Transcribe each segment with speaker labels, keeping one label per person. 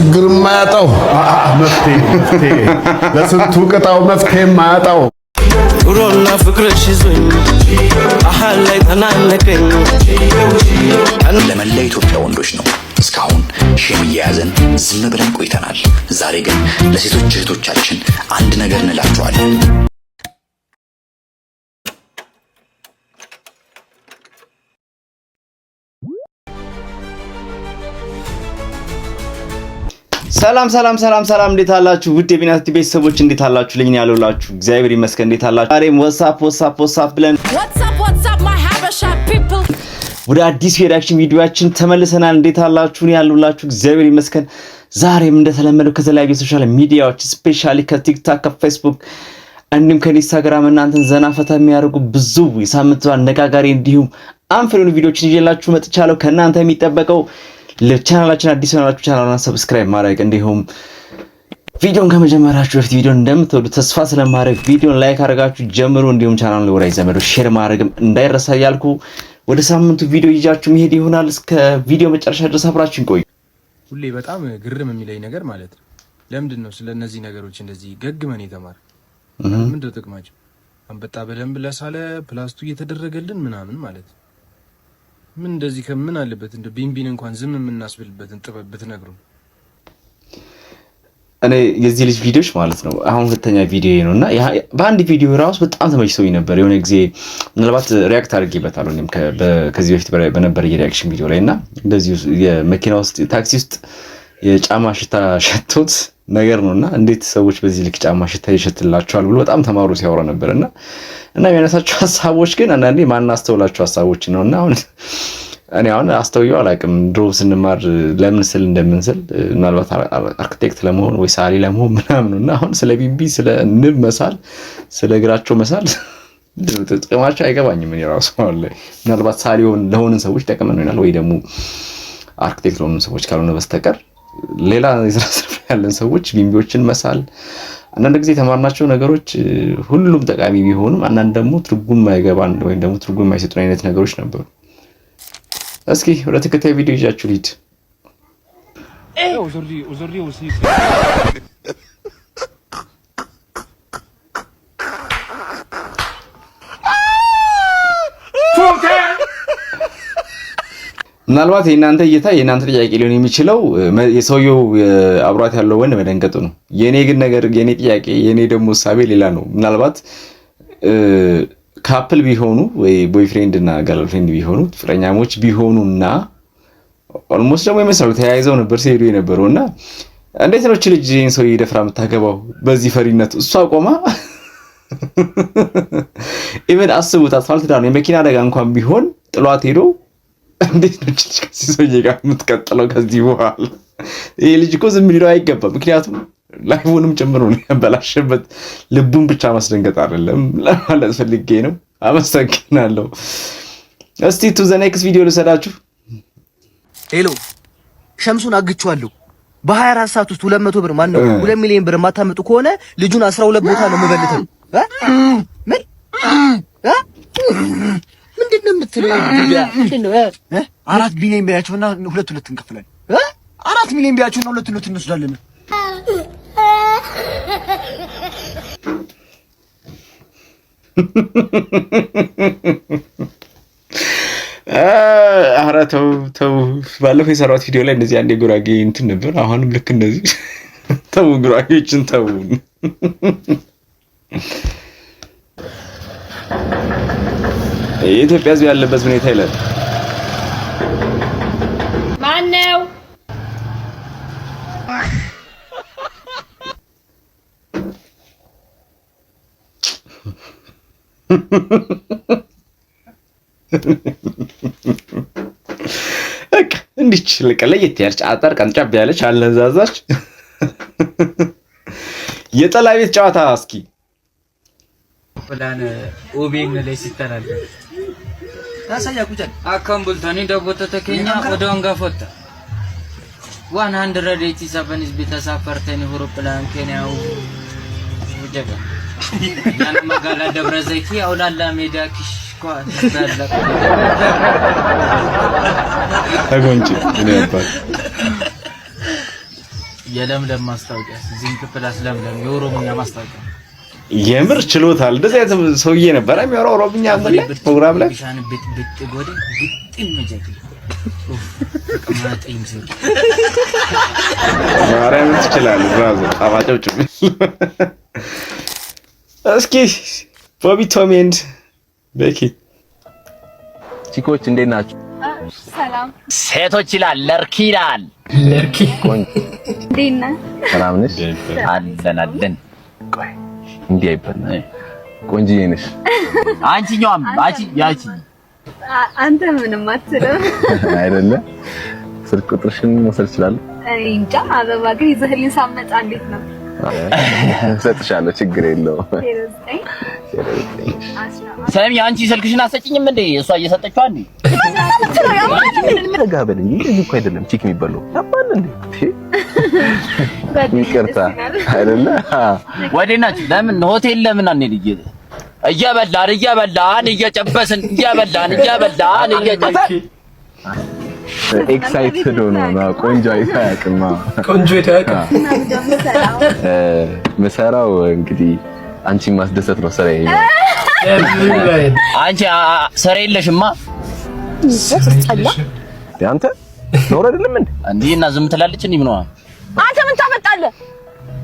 Speaker 1: ችግር ማያጣው ለስንቱ ቅጣው መፍትሄ ማያጣው ኑሮና ፍቅርሽ ይዞኝ አሃል ላይ ተናነቀኝ። ለመላ ኢትዮጵያ ወንዶች ነው እስካሁን ሼም እየያዘን ዝም ብለን ቆይተናል። ዛሬ ግን ለሴቶች እህቶቻችን አንድ ነገር እንላቸዋለን። ሰላም ሰላም ሰላም ሰላም፣ እንዴት አላችሁ? ውድ የቢናት ቤተሰቦች እንዴት አላችሁ? ልኝ ያለውላችሁ እግዚአብሔር ይመስገን። እንዴት አላችሁ? ዛሬም ወሳፕ ወሳፕ ወሳፕ ብለን ወደ አዲስ የሪያክሽን ቪዲዮችን ተመልሰናል። እንዴት አላችሁ? እኔ ያለውላችሁ እግዚአብሔር ይመስገን። ዛሬም እንደተለመደው ከተለያዩ ሶሻል ሚዲያዎች ስፔሻሊ ከቲክታክ፣ ከፌስቡክ እንዲሁም ከኢንስታግራም እናንተን ዘና ፈታ የሚያደርጉ ብዙ የሳምንቱ አነጋጋሪ እንዲሁም አንፈሪውን ቪዲዮችን ይዤላችሁ መጥቻለሁ። ከእናንተ የሚጠበቀው ቻናላችን አዲስ ሆናችሁ ቻናሉን ሰብስክራይብ ማድረግ እንዲሁም ቪዲዮን ከመጀመራችሁ በፊት ቪዲዮን እንደምትወዱ ተስፋ ስለማድረግ ቪዲዮን ላይክ አድርጋችሁ ጀምሩ። እንዲሁም ቻናሉ ወዳጅ ዘመዶ ሼር ማድረግም እንዳይረሳ እያልኩ ወደ ሳምንቱ ቪዲዮ ይዣችሁ መሄድ ይሆናል። እስከ ቪዲዮ መጨረሻ ድረስ አብራችን ቆዩ። ሁሌ በጣም ግርም የሚለኝ ነገር ማለት ነው ለምንድን ነው ስለ እነዚህ ነገሮች እንደዚህ ገግመን የተማር ምንድን ጥቅማቸው አንበጣ በደንብ ለሳለ ፕላስቱ እየተደረገልን ምናምን ማለት ነው ምን እንደዚህ ከምን አለበት እንደ ቢንቢን እንኳን ዝም የምናስብልበትን ጥበብ ብትነግሩ። እኔ የዚህ ልጅ ቪዲዮች ማለት ነው አሁን ሁለተኛ ቪዲዮ ነው እና በአንድ ቪዲዮ ራሱ በጣም ተመችቶኝ ነበር። የሆነ ጊዜ ምናልባት ሪያክት አድርጌበታል ወይም ከዚህ በፊት በነበረ የሪያክሽን ቪዲዮ ላይ እና እንደዚህ የመኪና ውስጥ ታክሲ ውስጥ የጫማ ሽታ ሸቶት ነገር ነው እና እንዴት ሰዎች በዚህ ልክ ጫማ ሽታ ይሸትላቸዋል ብሎ በጣም ተማሩ ሲያወራ ነበር እና እና የሚያነሳቸው ሀሳቦች ግን አንዳንዴ ማናስተውላቸው ሀሳቦች ነው እና አሁን እኔ አሁን አስተውየው አላውቅም። ድሮ ስንማር ለምን ስል እንደምንስል ምናልባት አርክቴክት ለመሆን ወይ ሳሊ ለመሆን ምናምን እና አሁን ስለ ቢቢ ስለ ንብ መሳል ስለ እግራቸው መሳል ጥቅማቸው አይገባኝም። እኔ ራሱ አሁን ላይ ምናልባት ሳሊ ለሆንን ሰዎች ጠቅመን ይሆናል ወይ ደግሞ አርክቴክት ለሆኑ ሰዎች ካልሆነ በስተቀር ሌላ የስራ ዘርፍ ያለን ሰዎች ቢንቢዎችን መሳል አንዳንድ ጊዜ የተማርናቸው ነገሮች ሁሉም ጠቃሚ ቢሆኑም አንዳንድ ደግሞ ትርጉም ማይገባን ወይም ደግሞ ትርጉም የማይሰጡን አይነት ነገሮች ነበሩ። እስኪ ወደ ተከታይ ቪዲዮ ይዣችሁ ሂድ። ምናልባት የእናንተ እይታ የእናንተ ጥያቄ ሊሆን የሚችለው የሰውየው አብሯት ያለው ወንድ መደንገጡ ነው። የእኔ ግን ነገር የእኔ ጥያቄ የእኔ ደግሞ እሳቤ ሌላ ነው። ምናልባት ካፕል ቢሆኑ ወይ ቦይፍሬንድ እና ጋርልፍሬንድ ቢሆኑ ፍቅረኛሞች ቢሆኑና ኦልሞስት ደግሞ ይመስላሉ ተያይዘው ነበር ሲሄዱ የነበረው እና እንዴት ነው ልጅ ይህን ሰው ደፍራ የምታገባው በዚህ ፈሪነት እሷ ቆማ ኢቨን አስቡት፣ አስፋልት ዳር የመኪና አደጋ እንኳን ቢሆን ጥሏት ሄዶ እንዴት ነው ልጅ ከሲሶዬ ጋር የምትቀጥለው ከዚህ በኋላ? ይህ ልጅ እኮ ዝም ሊለው አይገባም። ምክንያቱም ላይቡንም ጭምር ነው ያበላሸበት። ልቡን ብቻ ማስደንገጥ አይደለም ለማለት ፈልጌ ነው። አመሰግናለሁ። እስቲ ቱ ዘ ኔክስት ቪዲዮ ልሰዳችሁ። ሄሎ ሸምሱን አግቼዋለሁ። በ24 ሰዓት ውስጥ 200 ብር ማን ነው 2 ሚሊዮን ብር የማታመጡ ከሆነ ልጁን 12 ቦታ ነው የምበልተው። ምን ምንድን ነው የምትለው? አራት ቢሊዮን ቢያቸውና ሁለት ሁለት እንከፍላለን። አራት ሚሊዮን ቢያቸውና ሁለት ሁለት እንወስዳለን። ኧረ ተው ተው። ባለፈው የሰራሁት ቪዲዮ ላይ እንደዚህ አንድ የጉራጌ እንትን ነበር። አሁንም ልክ እንደዚህ ተው፣ ጉራጌዎችን ተውን። የኢትዮጵያ ህዝብ ያለበት ሁኔታ ይላል። ማነው እንዲች ልቅ ለየት ያለች አጠር ቀንጨብ ያለች አለዛዛች የጠላ ቤት ጨዋታ እስኪ plan OBM ላይ ሲተላለፍ ታሳያ ቁጨት አካም ቡልታኒ ደቦተ ተከኛ ወደ አንጋፎታ 187 ህዝብ ተሳፈርተን አውሮፕላን ኬንያው ጀጋ ያን መጋላ ደብረ ዘይት አውላላ ሜዳ ኪሽ ተጎንጭ ምን ያባል የለምለም ማስታወቂያ ዚንክ ፕላስ ለምለም የኦሮምኛ ማስታወቂያ የምር ችሎታል። እንደዚህ አይነት ሰውዬ ነበር የሚያወራው ኦሮምኛ ፕሮግራም ላይ ማርያም ትችላለህ። ብራዘር አባጨብጭብ። እስኪ ቦቢ ቶም ኤንድ ቤኪ ቺኮች እንዴት ናችሁ? ሰላም ሴቶች ይላል ለርኪ ይላል ለርኪ ቆንጆ እንዴት ነህ? ሰላም ነሽ? አለን አለን ቆይ እንዲህ አይባልም። ቆንጅዬ ነሽ አንቺኛም አንቺ ያቺ አንተ ምንም አትልም አይደለ? ስልክ ቁጥርሽን መውሰድ እችላለሁ? እንጃ አበባ ግን ይዘህልኝ ሳመጣ እንዴት ነው? እሰጥሻለሁ፣ ችግር የለውም። ሰላም የአንቺ ስልክሽን አትሰጭኝም እንዴ? እሷ እየሰጠችው አንዴ ጋበል እንጂ እንደዚህ እኮ አይደለም። ቺክ የሚበላው ያባል እንዴ? ይቅርታ አይደለ? ወዴናችሁ? ለምን ሆቴል ለምን አንሄድ? እየበላን እየበላን እየጨበስን እየበላን እየበላን እየጨበስን ኤክሳይትድ ሆኖ ቆንጆ አይቶ አያውቅም። ቆንጆ አይቶ አያውቅም። ምሰራው እንግዲህ አንቺን ማስደሰት ነው ስራ። ይሄ አንቺ ስራ የለሽማ አንተ ኖር አይደለም እንዴ? እና ዝም ትላለች። እንዲህ ምን አንተ ምን ታመጣለህ?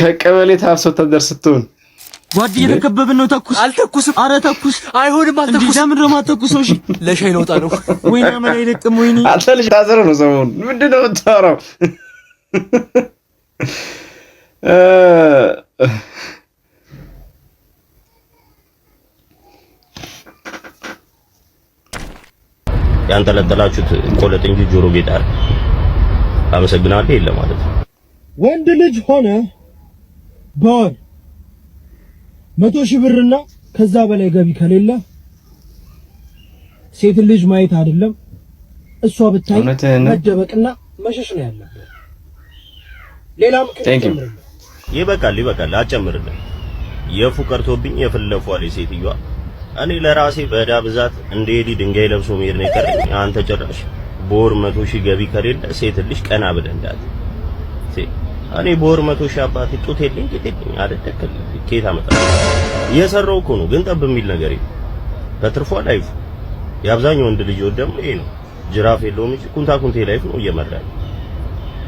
Speaker 1: ከቀበሌ ታፍሶ ወታደር ስትሆን ጓድ እየተከበብን ነው። ተኩስ አልተኩስም። አረ ተኩስ አይሆንም። አልተኩስ ለምን ነው የማትተኩሰው? እሺ ለሻይ ለውጣ ነው ወይ ነው ማለት አይደቅም ወይ ነው አንተ ልጅ ታዘረ ነው ሰሞኑን ምንድን ነው የምታወራው? ያንጠለጠላችሁት ቆለጥ እንጂ ጆሮ ጌጥ አመሰግናለሁ የለ ማለት ነው ወንድ ልጅ ሆነ በወር መቶ ሺህ ብርና ከዛ በላይ ገቢ ከሌለ ሴት ልጅ ማየት አይደለም እሷ ብታይ መደበቅና መሸሽ ነው ያለበት። ሌላ ምክንያት ይበቃል፣ ይበቃል፣ አጨምርልን። የፉ የፍለፏል ሴትዮዋ። እኔ ለራሴ በዕዳ ብዛት እንደ ሄዲ ድንጋይ ለብሶ መሄድ ነው የቀረኝ። አንተ ጭራሽ በወር መቶ ሺህ ገቢ ከሌለ ሴት ልጅ ቀና ብለህ እንዳት እኔ በወር መቶ ሺህ አባቴ ጡት የለኝ ቂጥ የለኝ አደደከል ኬት አመጣ እየሰራው እኮ ነው፣ ግን ጠብ የሚል ነገር የለም። በትርፏ ላይፍ የአብዛኛው ወንድ ልጅ ደግሞ ይሄ ነው። ጅራፍ የለውም እንጂ ኩንታ ኩንቴ ላይፍ ነው እየመራ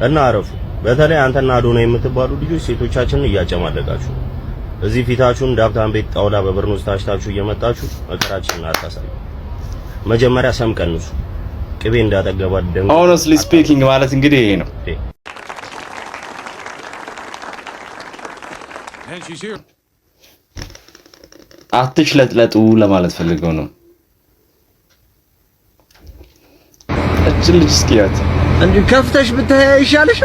Speaker 1: እና አረፉ። በተለይ አንተና አዶና የምትባሉ ልጆች ሴቶቻችንን እያጨማለቃችሁ ነው። እዚህ ፊታችሁን ዳብታን ቤት ጣውላ በበርኖስ ታሽታችሁ እየመጣችሁ መከራችንን አታሳዩ። መጀመሪያ ሰም ቀንሱ። ቅቤ እንዳጠገባት ደግሞ ኦነስትሊ ስፒኪንግ ማለት እንግዲህ ይሄ ነው። አትሽለጥለጡ ለማለት ፈልገው ነው። እችን ልጅ እስኪያት እንዲሁ ከፍተሽ ብታይ ይሻልሽ።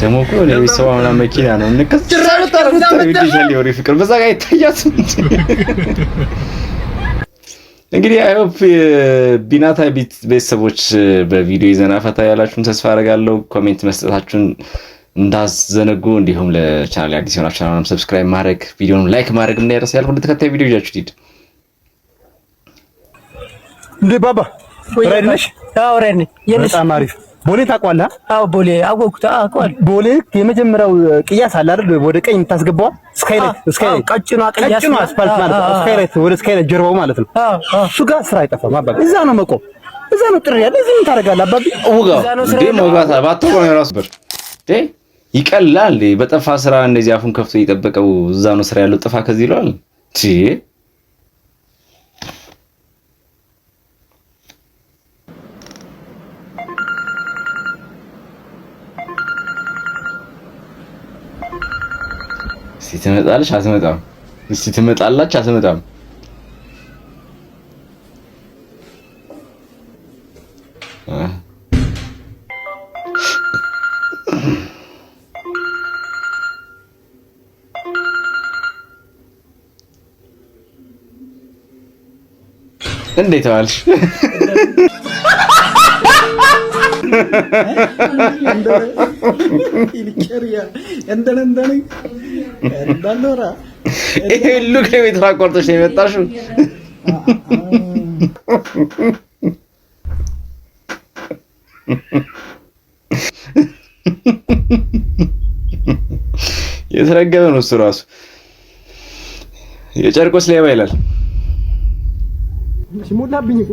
Speaker 1: ደግሞ እኮ እኔ ሰው አምና መኪና ነው ንቅስ ፍቅር በዛ ጋር ይታያት እንግዲህ አይሆፕ ቢናታ ቤተሰቦች በቪዲዮ ዘና ፈታ ያላችሁን ተስፋ አደርጋለሁ። ኮሜንት መስጠታችሁን እንዳዘነጉ፣ እንዲሁም ለቻናል አዲስ የሆናችሁ ቻናሉን ሰብስክራይብ ማድረግ ቪዲዮን ላይክ ማድረግ እንዳይረሳ። ያልኩ እንደ ተከታይ ቪዲዮ ይዣችሁ ሂድ እንዴ ባባ ራይድ ነሽ? አዎ ነኝ። በጣም አሪፍ ቦሌ ታውቀዋለህ? አዎ ቦሌ አወኩት። አውቀዋለሁ። ቦሌ የመጀመሪያው ቅያስ አለ አይደል? ወደ ቀኝ የምታስገባዋ ስካይላይት፣ ስካይላይት ቀጭኗ ቅያስ ነው። አስፋልት ማለት ነው። ስካይላይት ወደ ስካይላይት ጀርባው ማለት ነው። እሱ ጋር ስራ አይጠፋም። አባቢ እዛ ነው መቆም፣ እዛ ነው ጥሪ ያለ። እዚህ ምን ታደርጋለህ? አባቢ ውጋው እንደ መውጋት ባትቆም ነው የራሱ ብር እ ይቀላል። በጠፋ ስራ እንደዚህ አፉን ከፍቶ እየጠበቀው እዛ ነው ስራ ያለው። ጥፋ ከዚህ ይለዋል። እስቲ ትመጣለች አትመጣም? እስቲ ትመጣላች አትመጣም? እንዴት ዋልሽ? ይሄ ሁሉ ኪሎሜትር አቋርጦች ነው የመጣሽው። የተረገመ ነው እሱ ራሱ። የጨርቆስ ሌባ ይላል። ሞላብኝ እኮ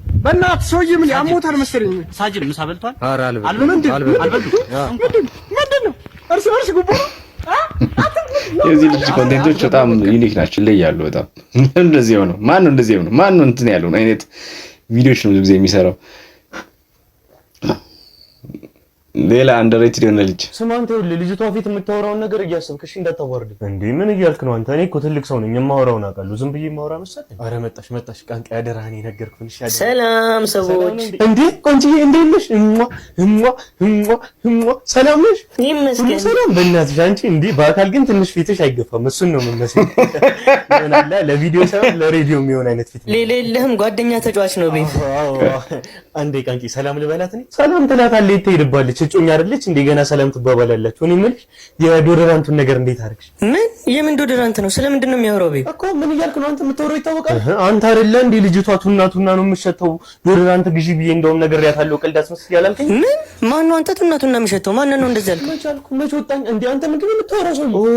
Speaker 1: በእናትህ ሰውዬ ምን ያሞታል መሰለኝ። ሳጅን ምሳ በልቷል። ኧረ አልበላም። ምንድን ነው እርስ በርስ ጉቦ ነው። የዚህ ልጅ ኮንቴንቶች በጣም ዩኒክ ናቸው፣ ይለያሉ። በጣም እንደዚህ ሆነው ማን ነው እንደዚህ ሆነው ማን ነው እንትን ያለው አይነት ቪዲዮዎች ነው ብዙ ጊዜ የሚሰራው። ሌላ አንደሬትድ የሆነ ልጅ ስማ፣ አንተ ይኸውልህ፣ ልጅቷ ፊት የምታወራውን ነገር እያሰብክ እሺ፣ እንዳታዋርድ እንዴ። ምን እያልክ ነው አንተ? እኔ እኮ ትልቅ ሰው ነኝ፣ የማወራውን አውቃለሁ። ዝም ብዬ የማወራ መሰለኝ። ኧረ መጣሽ፣ መጣሽ፣ ቃንቃ ያደራህን የነገርኩን። እሺ፣ ሰላም ሰዎች፣ እንዴ ቆንጅዬ፣ እንዴት ነሽ? እሟ እሟ እሟ እሟ፣ ሰላም ነሽ? ይመስገን፣ ሰላም። በእናትሽ አንቺ እንዴ! በአካል ግን ትንሽ ፊትሽ አይገፋም። እሱን ነው የምመስለው። ለቪዲዮ ሳይሆን ለሬዲዮ የሚሆን አይነት ፊት። ሌላ ጓደኛ ተጫዋች ነው ቤት አንዴ ቃንቂ ሰላም ልበላት ነው ሰላም ትላታለህ። የት ትሄድባለች? እጮኛ አይደለች እንዴ? ገና ሰላም ትባባላላችሁ። እኔ የምልሽ የዶደራንቱን ነገር እንዴት አደረግሽ? ምን የምን ዶደራንት ነው? ስለምንድን ነው የሚያወራው? ቤት እኮ ምን እያልክ ነው አንተ? የምታወራው ይታወቃል። አንተ አይደለ እንዴ ልጅቷ ቱና ቱና ነው የምትሸተው? ዶደራንት ግዢ ብዬ እንደውም ነግሬያታለሁ። ቀልድ አስመስል ያላልከኝ ምን ማን ነው? አንተ ቱና ቱና የምትሸተው ማን ነው? እንደዚህ አልኩ። መች አልኩ መች ወጣኝ እንዴ? አንተ ምንድን ነው የምታወራው? ሰው ኦ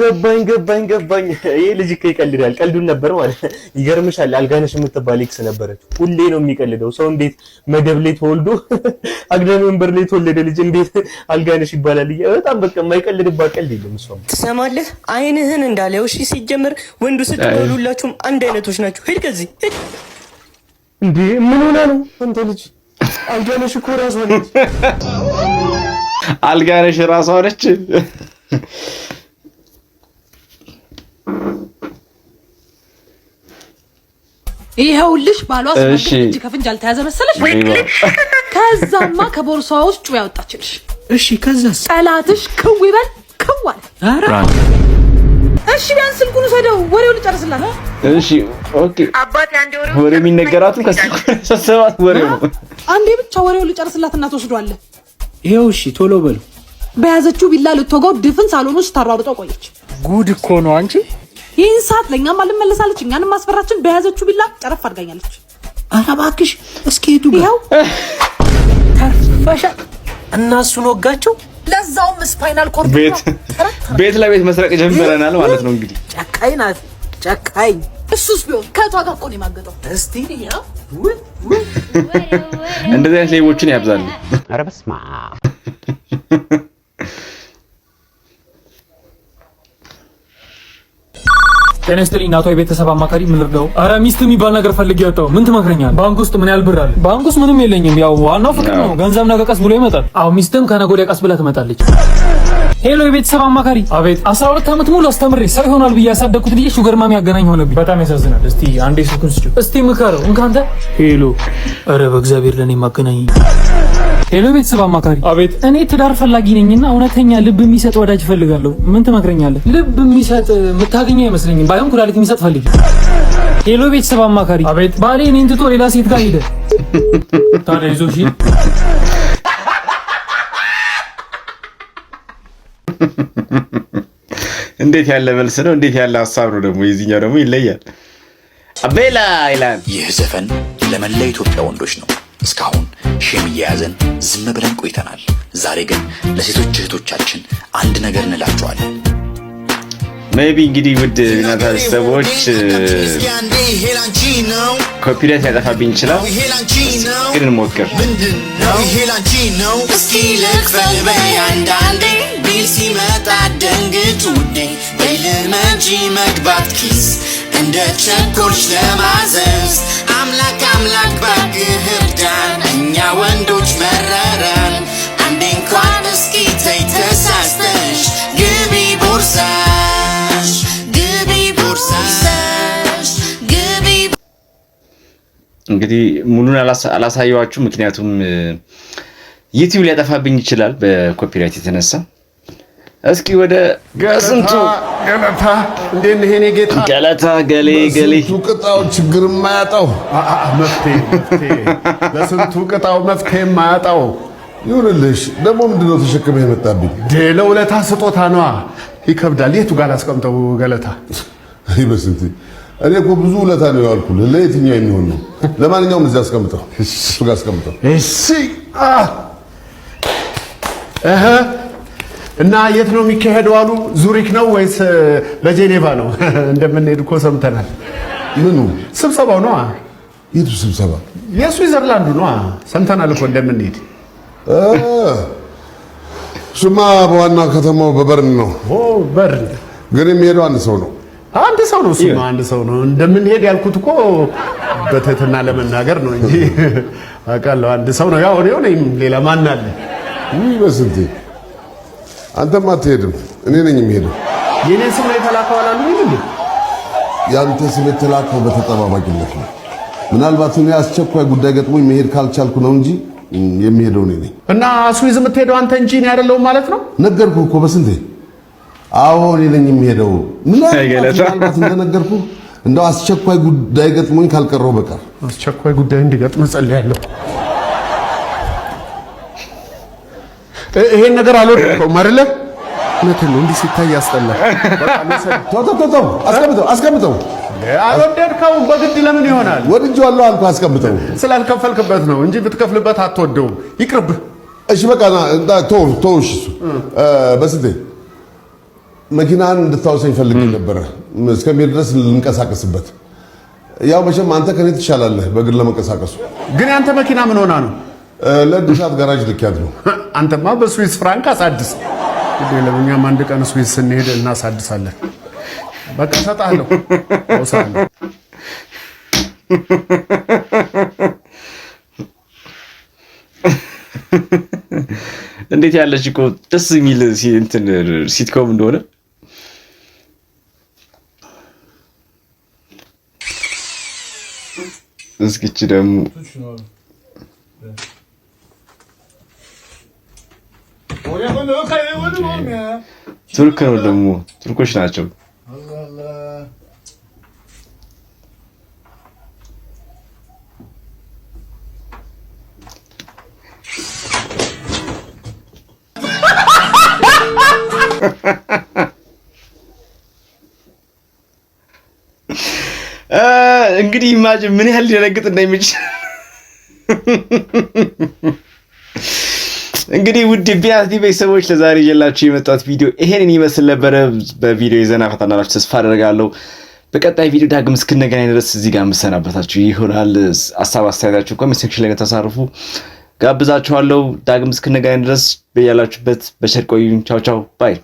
Speaker 1: ገባኝ ገባኝ ገባኝ። ይሄ ልጅ እኮ ይቀልዳል። ቀልዱን ነበር ማለት ይገርምሻል። አልጋነሽ የምትባል ኤክስ ነበረች። ሁሌ ነው የሚቀልደው ሰው እንዴት መደብ ላይ ተወልዶ አግዳሚ ወንበር ላይ የተወለደ ልጅ እንዴት አልጋነሽ ይባላል? በጣም በቃ የማይቀልድባት ቀልድ የለም። እሷ ትሰማለህ፣ አይንህን እንዳለው። እሺ፣ ሲጀመር ወንዱ ስትባሉ ሁላችሁም አንድ አይነቶች ናቸው። ሄድ ከዚህ እንዴ! ምን ሆና ነው አንተ ልጅ? አልጋነሽ እኮ ራሷ ነች። አልጋነሽ ራሷ ነች። ይኸውልሽ ባሏ እጅ ከፍንጅ አልተያዘ መሰለሽ? ከዛማ ከቦርሳዋ ውስጥ ጩ ያወጣችልሽ። እሺ ከዛስ? ጠላትሽ ክው ይበል ክው አለ። እሺ ቢያንስ ስልኩን ሰደው ወሬው ልጨርስላት። እሺ ኦኬ። አባቴ ወሬ ወሬው የሚነገራትም ከሰሰባት ወሬው ነው። አንዴ ብቻ ወሬው ልጨርስላት እና ትወስዷለህ። ይኸው እሺ ቶሎ በሉ። በያዘችው ቢላ ልትወጋው ድፍን ሳሎን ውስጥ ታሯሩጠው ቆየች። ጉድ እኮ ነው አንቺ ይህን ሰዓት ለእኛም አልመለሳለች፣ እኛንም ማስፈራችን በያዘችው ቢላ ጨረፍ አድርጋኛለች። ኧረ እባክሽ እስኪ ሄዱ ይኸው ተርፈሻ እና እሱን ወጋቸው። ለዛውም ስፓይናል ኮርድ ቤት ለቤት መስረቅ ጀምረናል ማለት ነው። እንግዲህ ጨካኝ ናት ጨካኝ። እሱስ ቢሆን ከቷ ጋር እኮ የማገጠው። እስቲ እንደዚህ አይነት ሌቦችን ያብዛሉ። ኧረ በስመ አብ ጤና ይስጥልኝ እናቷ የቤተሰብ አማካሪ ምን ልርዳው? አረ ሚስት የሚባል ነገር ፈልጌ ያጣው። ምን ትመክረኛል? ባንክ ውስጥ ምን ያህል ብር አለ? ባንክ ውስጥ ምንም የለኝም። ያው ዋናው ፍቅር ነው። ገንዘብ ነገ ቀስ ብሎ ይመጣል። አዎ ሚስትም ከነገ ወዲያ ቀስ ብላ ትመጣለች። ሄሎ የቤተሰብ አማካሪ። አቤት። 12 ዓመት ሙሉ አስተምሬ ሰው ይሆናል ብዬ ያሳደግኩት ልጅ ሹገር ማሚ ያገናኝ ሆነብኝ። በጣም ያሳዝናል። እስቲ አንዴ ስልኩን ስጪው። እስቲ ምከረው እንካንተ። ሄሎ። አረ በእግዚአብሔር ለኔ ማገናኝ ሄሎ ቤተሰብ አማካሪ፣ አቤት። እኔ ትዳር ፈላጊ ነኝና እውነተኛ ልብ የሚሰጥ ወዳጅ እፈልጋለሁ። ምን ትመክረኛለህ? ልብ የሚሰጥ የምታገኘው አይመስለኝም። ባይሆን ኩላሊት የሚሰጥ ፈልግ። ሄሎ ቤተሰብ አማካሪ፣ አቤት። ባሌ እኔን ትቶ ሌላ ሴት ጋር ሄደ። ታዲያ ይዞ እንዴት ያለ መልስ ነው! እንዴት ያለ ሀሳብ ነው! ደግሞ የዚህኛው ደግሞ ይለያል። አቤላ ይላል። ይህ ዘፈን ለመላ ኢትዮጵያ ወንዶች ነው። እስካሁን ሼም እየያዘን ዝም ብለን ቆይተናል። ዛሬ ግን ለሴቶች እህቶቻችን አንድ ነገር እንላቸዋለን። ሜቢ እንግዲህ ውድ ቢናታል ሰዎች ኮፒራይት ያጠፋብኝ ይችላል፣ ግን እንሞክር። መግባት ኪስ እንደ ቸኮች ለማዘዝ አምላክ አምላክ ባክህ እርዳን፣ እኛ ወንዶች መረረን። አንዴ እንኳን እስኪ ተይ ተሳስተሽ ግቢ ቦርሳሽ ግቢ ቦርሳሽ ግቢ። እንግዲህ ሙሉን አላሳየዋችሁ፣ ምክንያቱም ዩቲዩብ ሊያጠፋብኝ ይችላል በኮፒራይት የተነሳ። እስኪ ወደ ስንቱ ገለታ እንዴት ነህ የእኔ ጌታ? ገለታ ገሌ ገሌ ለስንቱ ቅጣው ችግር የማያጣው መፍትሄ ለስንቱ ቅጣው መፍትሄ የማያጣው ይሁንልሽ። ደግሞ ምንድን ነው ተሸክመ የመጣብኝ? ለውለታ ስጦታ ነዋ። ይከብዳል። የቱ ጋር አስቀምጠው ገለታ? በስንት እኔ እኮ ብዙ ውለታ ነው ያልኩልህ። ለየትኛው የሚሆን ነው? ለማንኛውም እዚህ አስቀምጠው፣ እሱ ጋር አስቀምጠው። እሺ እና የት ነው የሚካሄደው አሉ። ዙሪክ ነው ወይስ ለጄኔቫ ነው? እንደምንሄድ እኮ ሰምተናል። ምኑ ስብሰባው ነው? የቱ ስብሰባ? የስዊዘርላንዱ ነው። ሰምተናል እኮ እንደምንሄድ። እሱማ በዋና ከተማው በበርን ነው። በርን ግን የሚሄደው አንድ ሰው ነው። አንድ ሰው ነው። እሱማ አንድ ሰው ነው። እንደምንሄድ ያልኩት እኮ በትህትና ለመናገር ነው እንጂ አውቃለሁ፣ አንድ ሰው ነው። ያው እኔው ነኝ። ሌላ ማን አለ? በስንቴ አንተም አትሄድም። እኔ ነኝ የሚሄደው። የኔን ስም ነው የተላከው አላሉ። ያንተ ስም የተላከው በተጠባባቂነት ነው። ምናልባት እኔ አስቸኳይ ጉዳይ ገጥሞኝ መሄድ ካልቻልኩ ነው እንጂ የሚሄደው እኔ ነኝ። እና ስዊዝ የምትሄደው አንተ እንጂ እኔ አይደለሁም ማለት ነው? ነገርኩ እኮ በስንቴ። አዎ እኔ ነኝ የሚሄደው። ምናልባት እንደነገርኩ እንደው አስቸኳይ ጉዳይ ገጥሞኝ ካልቀረው በቀር አስቸኳይ ጉዳይ እንዲገጥም ጸልያለሁ። ይሄን ነገር አልወደድከውም አይደለ? እውነትህን ነው። እንዲህ ሲታይ ያስጠላል። ተው አስቀምጠው፣ አስቀምጠው። አልወደድከውም በግድ ለምን ይሆናል? ወድጄዋለሁ አልኩ። አስቀምጠው። ስላልከፈልክበት ነው እንጂ ብትከፍልበት አትወደውም። ይቅርብህ። እሺ በቃ ተው፣ ተው። እሱ በስንቴ መኪናን እንድታወሰኝ ፈልጌ ነበረ። እስከሚሄድ ድረስ ልንቀሳቀስበት። ያው መቼም አንተ ከኔ ትሻላለህ በግድ ለመንቀሳቀሱ። ግን ያንተ መኪና ምን ሆና ነው ለዱሻት ጋራጅ ልኪያት ነው። አንተማ በስዊስ ፍራንክ አሳድስ። ለእኛም አንድ ቀን ስዊስ ስንሄድ እናሳድሳለን። በቃ እሰጥሃለሁ። እንዴት ያለች እኮ ደስ የሚል እንትን ሲትኮም እንደሆነ እስኪች ደግሞ ቱርክ ነው ደግሞ ቱርኮች ናቸው። እንግዲህ ኢማጅን ምን ያህል ሊደነግጥ እንደሚችል እንግዲህ ውድ ቢያቲ ቤተሰቦች ለዛሬ ይዤላችሁ የመጣሁት ቪዲዮ ይሄንን ይመስል ነበረ። በቪዲዮ የዘና ፈታናላችሁ ተስፋ አደርጋለሁ። በቀጣይ ቪዲዮ ዳግም እስክንገናኝ ድረስ እዚህ ጋር የምሰናበታችሁ ይሆናል። ሀሳብ አስተያየታችሁ ኮሜንት ሴክሽን ላይ ተሳርፉ ጋብዛችኋለሁ። ዳግም እስክንገናኝ ድረስ በያላችሁበት በቸር ቆዩኝ። ቻው ቻው ባይ